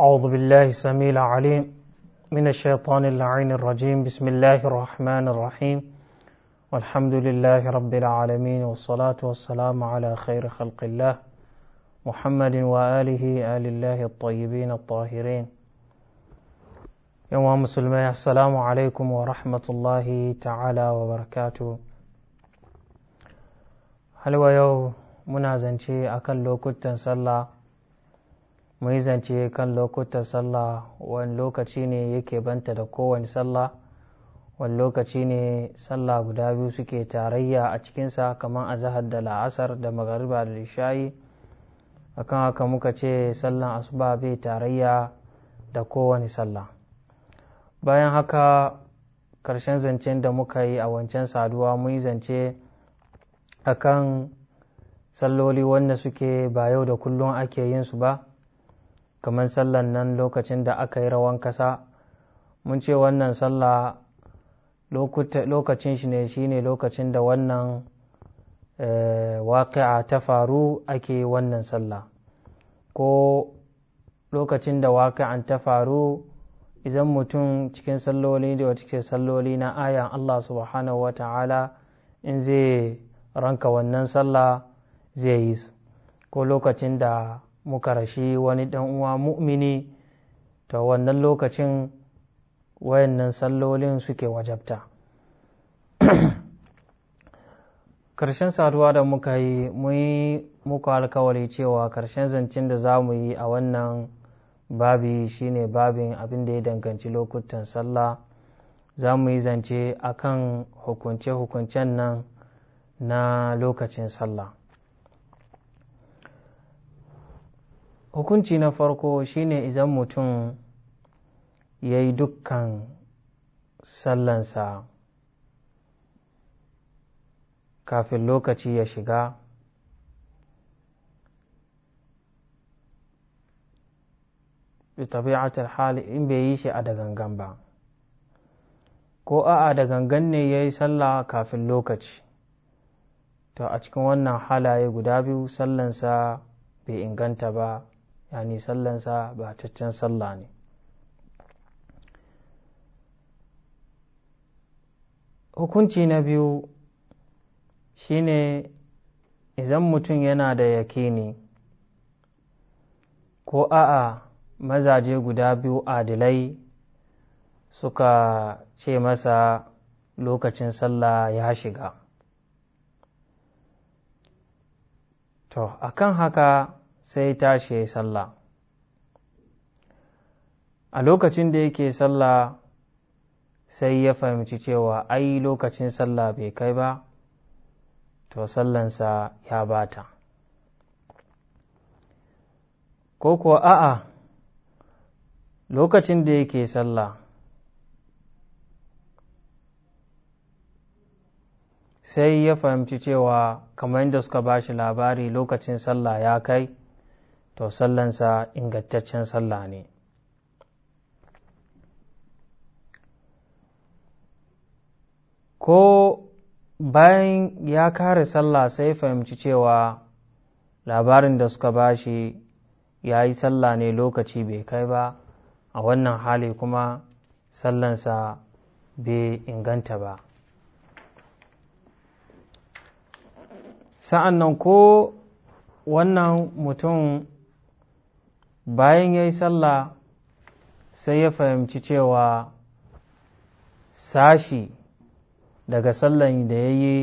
أعوذ بالله السميع العليم من الشيطان اللعين الرجيم بسم الله الرحمن الرحيم والحمد لله رب العالمين والصلاة والسلام على خير خلق الله محمد وآله آل الله الطيبين الطاهرين يوم مسلمي السلام عليكم ورحمة الله تعالى وبركاته هل ويو شيء أكل كنت نسلّى mun zance kan lokutan sallah wani lokaci ne yake banta da kowane sallah wani lokaci ne sallah guda biyu suke tarayya a cikinsa kamar azahar da la'asar da magariba da lishayi kan haka muka ce sallan asuba bai tarayya da kowane sallah bayan haka karshen zancen da muka yi a wancan saduwa mun zance akan salloli wanda suke ba yau da kullum ake yin su ba kamar sallan nan lokacin da aka yi rawan kasa mun ce wannan sallah lokacin shi ne shine lokacin da wannan eh, waƙi'a ta faru ake wannan sallah ko lokacin da waƙi'an ta faru idan mutum cikin salloli da wata ke salloli na ayan Allah subhanahu wa ta'ala in zai ranka wannan sallah zai yi su ko lokacin da muka rashi wani ɗan uwa mu'mini ta wannan lokacin wayannan sallolin suke wajabta karshen saduwa da muka yi muyi muku alkawari cewa ƙarshen zancen da za mu yi a wannan babi shine babin abin da ya danganci lokutan sallah za mu yi zance akan hukunce-hukuncen nan na lokacin sallah hukunci na farko shine idan mutum ya yi dukkan sallansa kafin lokaci ya shiga tabi'atul hali in bai yi shi a da gangan ba ko a'a da gangan ne ya yi sallah kafin lokaci to a cikin wannan halaye guda biyu sallansa bai inganta ba yani sallansa bataccen sallah ne hukunci na biyu shine idan mutum yana da ne ko a'a mazaje guda biyu adilai suka ce masa lokacin sallah ya shiga to akan haka sai tashi ya sallah a lokacin da yake sallah sai ya fahimci cewa ai lokacin sallah bai kai ba to sallansa ya bata ko kuwa a'a lokacin da yake sallah sai ya fahimci cewa kamar yadda suka bashi labari lokacin sallah ya kai to sallansa ingantaccen sallah ne ko bayan ya kare sallah sai fahimci cewa labarin da suka bashi ya yi sallah ne lokaci bai kai ba a wannan hali kuma sallansa bai inganta ba sa'an nan ko wannan mutum bayan ya yi sallah sai ya fahimci cewa sashi daga sallan da ya yi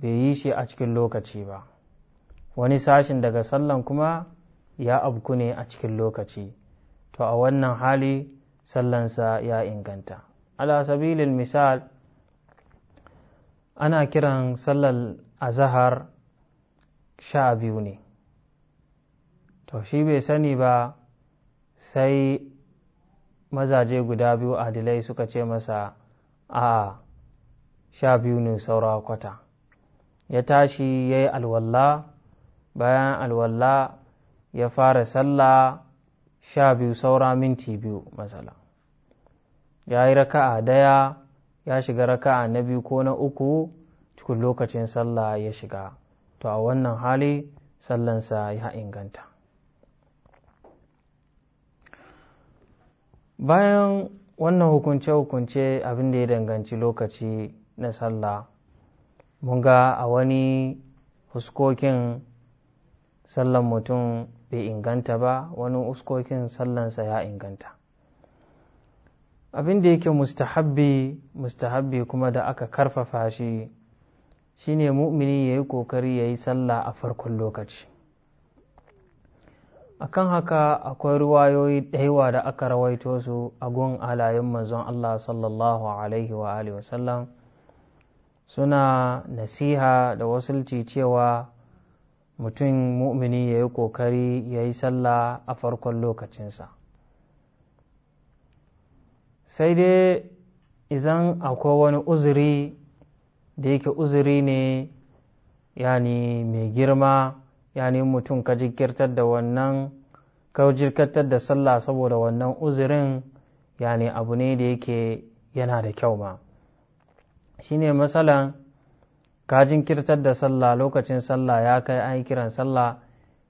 bai yi shi a cikin lokaci ba wani sashin daga sallan kuma ya abku ne a cikin lokaci to a wannan hali sallansa ya inganta ala sabilin misal ana kiran sallar azahar sha biyu ne to shi bai sani ba sai mazaje guda biyu adilai suka ce masa a sha biyu ne saura kwata ya tashi ya yi alwalla bayan alwalla ya fara sallah sha biyu saura minti biyu matsala ya yi raka'a daya ya shiga raka'a na biyu ko na uku cikin lokacin sallah ya shiga to a wannan hali sallansa ya inganta bayan wannan hukunce-hukunce abin da ya danganci lokaci na sallah mun ga a wani huskokin sallan mutum bai inganta ba wani huskokin sallansa ya inganta abin da yake mustahabbi mustahabbi kuma da aka karfafa shi shine mu'mini ya yi ƙoƙari ya yi sallah a farkon lokaci akan haka akwai ruwayoyi ɗaiwa da aka rawaito su a gun alayin manzon Allah sallallahu alaihi wa sallam suna nasiha da wasulci cewa mutum mu'mini ya yi ƙoƙari ya yi sallah a farkon lokacinsa sai dai izan akwai wani uzuri da yake uzuri ne yani mai girma yani mutum ka jinkirtar da wannan ka jirkirtar da sallah saboda wannan uzurin yani abu ne da yake yana da kyau ma ne matsalan ka jinkirtar da sallah lokacin sallah ya kai an yi kiran sallah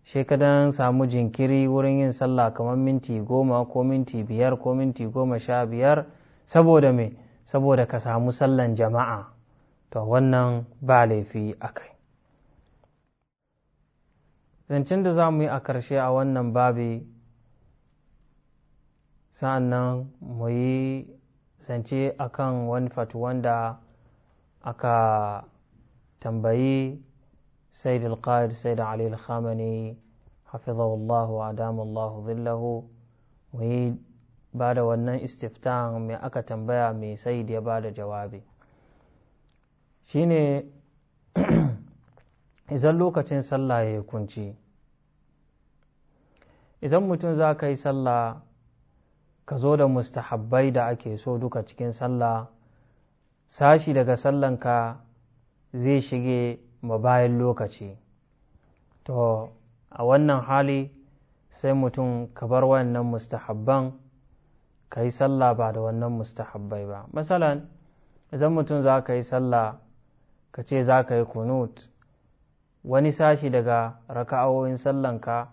shi ka dan samu jinkiri wurin yin sallah kamar minti goma ko minti biyar ko minti goma sha biyar saboda me saboda ka samu sallan jama'a to wannan ba laifi a kai zancen da za mu yi a ƙarshe a wannan babi sa'an nan mu yi zance a kan wani fatuwan da aka tambayi sayyid al qaid sayyid ali al-khamani hafizahullahu wa adamallahu zillahu mu yi ba da wannan istiftan mai aka tambaya mai sayyid ya ba da jawabi shine Izan lokacin sallah ya kunci idan mutum za ka yi sallah ka zo da mustahabbai da ake so duka cikin sallah sashi daga sallanka zai shige ma bayan lokaci to a wannan hali sai mutum ka bar wannan mustahabban ka yi sallah ba da wannan mustahabbai ba masalan idan mutum za ka yi sallah ka ce za ka yi kunut wani sashi daga raka'o'in sallanka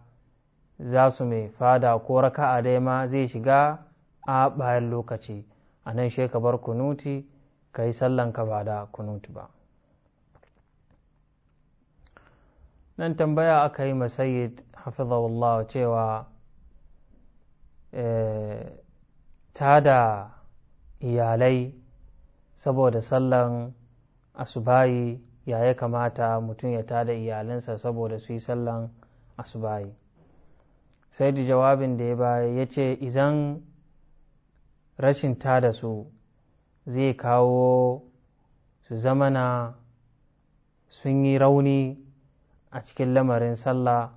za su mai fada ko raka'a dai ma zai shiga a bayan lokaci a nan ka bar kunuti ka yi sallanka ba da kunuti ba nan tambaya aka yi masayid hafizahullah cewa eh, ta da iyalai saboda sallan asubayi ya ya kamata mutum ya tada iyalinsa saboda su yi sallan asubahi sai da jawabin da ya baya ya ce izan rashin tada su zai kawo su zamana sun yi rauni a cikin lamarin sallah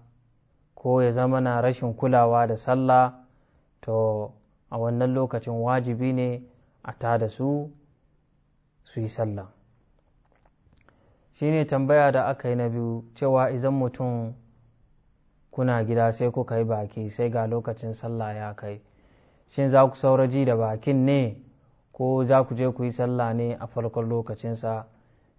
ko ya zamana rashin kulawa da sallah to a wannan lokacin wajibi ne a tada su su yi sallah shine tambaya da aka yi na biyu cewa idan mutum kuna gida sai kuka yi baki sai ga lokacin sallah ya kai shin za ku sauraji da bakin ne ko za ku je ku yi sallah ne a farkon lokacinsa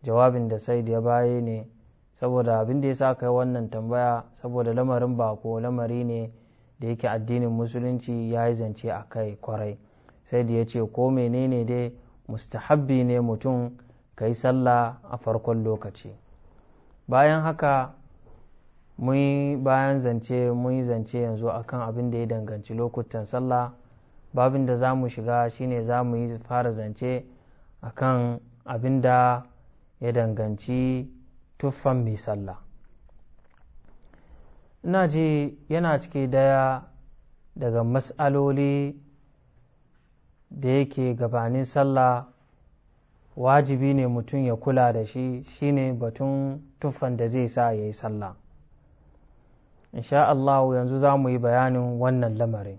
jawabin da sai da ya baye ne saboda abin da ya sa kai wannan tambaya saboda lamarin bako lamari ne da yake addinin musulunci ya yi zance a kai kwarai sai da ya ce ko menene dai mustahabbi ne mutum ka yi sallah a farkon lokaci bayan haka mun bayan zance mun yi zance yanzu akan abin da ya danganci lokutan sallah babin da za mu shiga shine za mu yi fara zance akan abin da ya danganci tuffan mai sallah ina ji yana cike daya daga matsaloli da yake gabanin sallah wajibi ne mutum ya kula da shi shine batun tuffan da zai sa ya yi sallah insha Allah yanzu za mu yi bayanin wannan lamarin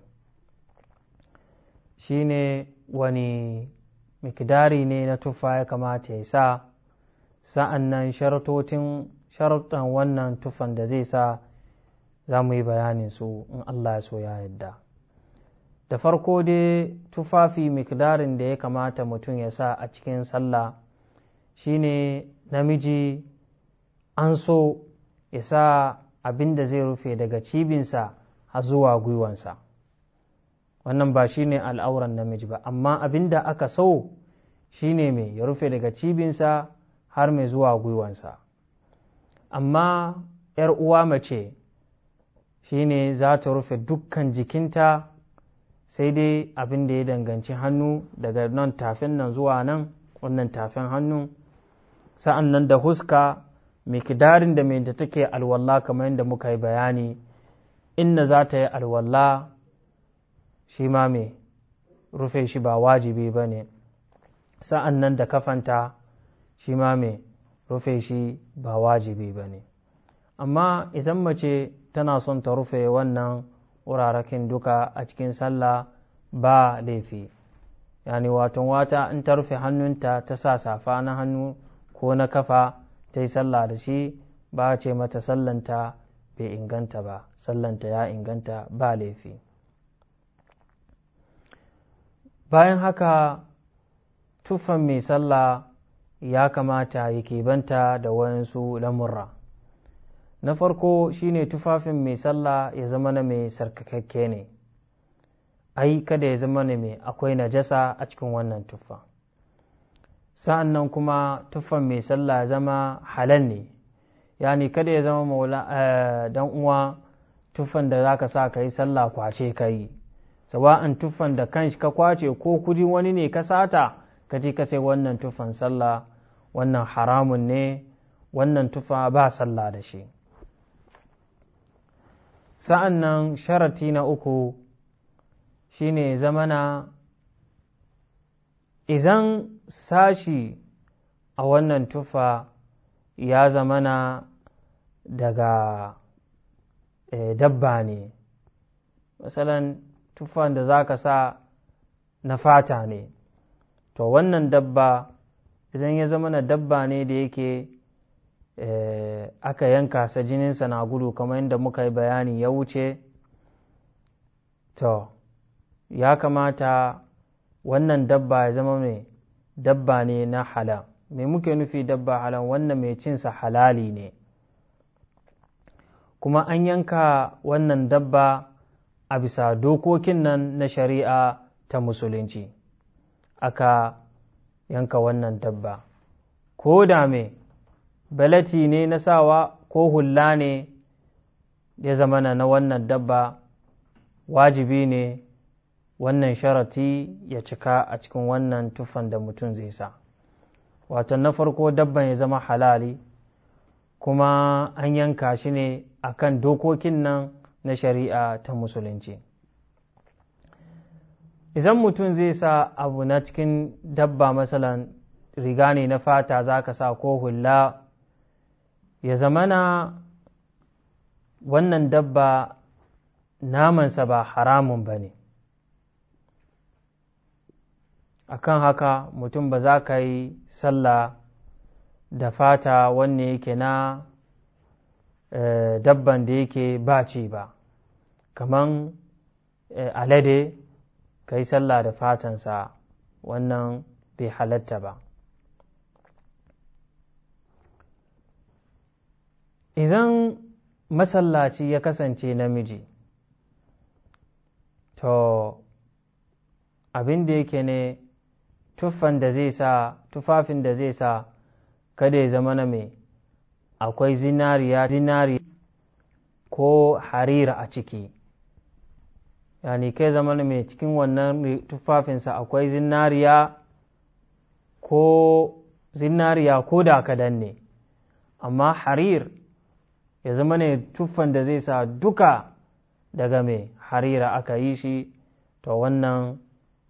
shine wani mikidari ne na tuffa ya kamata ya sa sa'an nan sharatan wannan tuffan da zai sa za mu yi bayanin su in Allah ya so ya yadda da farko dai tufafi mikdarin da ya kamata mutum ya sa a cikin sallah shine namiji an so ya sa abin da zai rufe daga cibinsa a zuwa gwiwansa wannan ba shine al'auran namiji ba amma abin da aka so shine mai ya rufe daga cibinsa har mai zuwa gwiwansa amma ‘yar uwa mace shine za ta rufe dukkan jikinta sai dai abin da ya danganci hannu daga nan tafin nan zuwa nan wannan tafin hannu sa'an nan da huska mai mikidarin da mai take alwallah kamar yadda muka yi bayani inna za ta yi alwallah shi ma mai rufe shi ba wajibi ba ne sa'an nan da kafanta shi ma mai rufe shi ba wajibi ba ne amma idan mace tana son ta rufe wannan wurarakin duka a cikin sallah ba laifi yani watan wata in ta rufe hannunta ta sa safa na hannu ko na kafa ta yi sallah da shi ba ce mata sallanta bai inganta ba sallanta ya inganta ba laifi bayan haka tuffan mai sallah ya kamata ya banta da wayansu lamurra na farko shine tufafin mai sallah ya zama na mai sarkakakke ne ai kada ya zama na mai akwai najasa a cikin wannan tufa. sa'an nan kuma tufan mai sallah ya zama halal ne yani kada ya zama maula eh, dan uwa tufan da zaka sa ka yi sallah kwace ka yi sawa'an tufan da kanshi ka kwace ko kudi wani ne ka sata ka je ka sai wannan tufan sallah wannan haramun ne wannan tufa ba sallah da shi sa'an nan sharati na uku shi ne zamana izan sashi a wannan tufa ya zamana daga e dabba ne misalan tufan da za ka sa na fata ne to wannan dabba izan ya zama na dabba ne da yake Eh, aka yanka sa jininsa na gudu kamar yadda muka yi bayani ya wuce to ya kamata wannan dabba ya zama mai dabba ne na halal mai muke nufi dabba halal wannan mai cinsa halali ne kuma an yanka wannan dabba a bisa dokokin nan na shari'a ta musulunci aka yanka wannan dabba ko da me balati ne na sawa ko hulla ne ya zamana na wannan dabba wajibi ne wannan sharati ya cika a cikin wannan tufan da mutum zai sa wato na farko dabban ya zama halali kuma an yanka shi ne a kan dokokin nan na shari'a ta musulunci idan mutum zai sa abu na cikin dabba masalan riga ne na fata za ka sa ko hulla ya zamana wannan dabba namansa ba haramun ba ne a kan haka mutum ba za ka yi sallah da fata wanne yake na eh, dabban da yake baci ba kaman eh, alade ka yi sallah da fatansa wannan bai halatta ba idan masallaci ya kasance namiji to abin da yake ne tuffan da zai sa tufafin da zai sa kada ya zama na mai akwai zinariya zinari ko harira a ciki yani kai zama na mai cikin wannan tufafinsa akwai zinariya ko zinariya ko da kadan ne amma harir ya zama ne tuffan da zai sa duka daga mai harira aka yi shi to wannan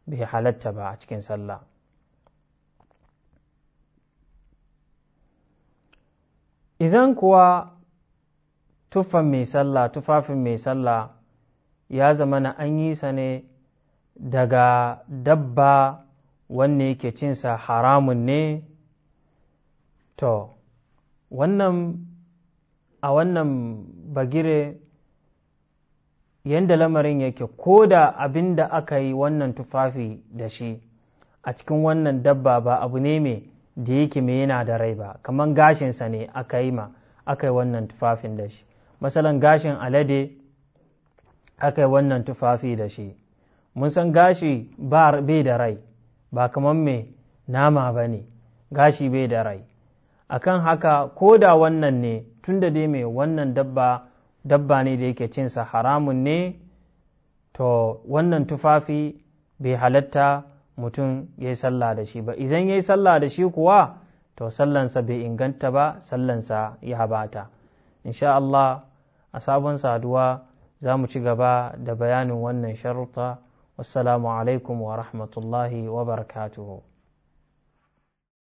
bai halatta ba a cikin sallah idan kuwa tuffan mai sallah tufafin mai sallah ya zama na an yi sa ne daga dabba wanne yake cinsa haramun ne to wannan a wannan bagire yadda lamarin yake ko da abin da aka yi wannan tufafi da shi a cikin wannan dabba ba abu ne mai da yake mai yana da rai ba kamar gashinsa ne aka yi ma aka yi wannan tufafin da shi masalan gashin alade aka yi wannan tufafi da shi mun san gashi bai da rai ba kamar mai nama ba ne gashi bai da rai akan haka ko da wannan ne tunda dai mai wannan dabba dabba ne da yake cinsa haramun ne to wannan tufafi bai halatta mutum ya yi sallah da shi ba idan ya yi sallah da shi kuwa to sallansa bai inganta ba sallansa ya habata insha Allah a sabon saduwa za mu ci gaba da bayanin wannan sharuta wassalamu alaikum wa rahmatullahi wa barakatuhu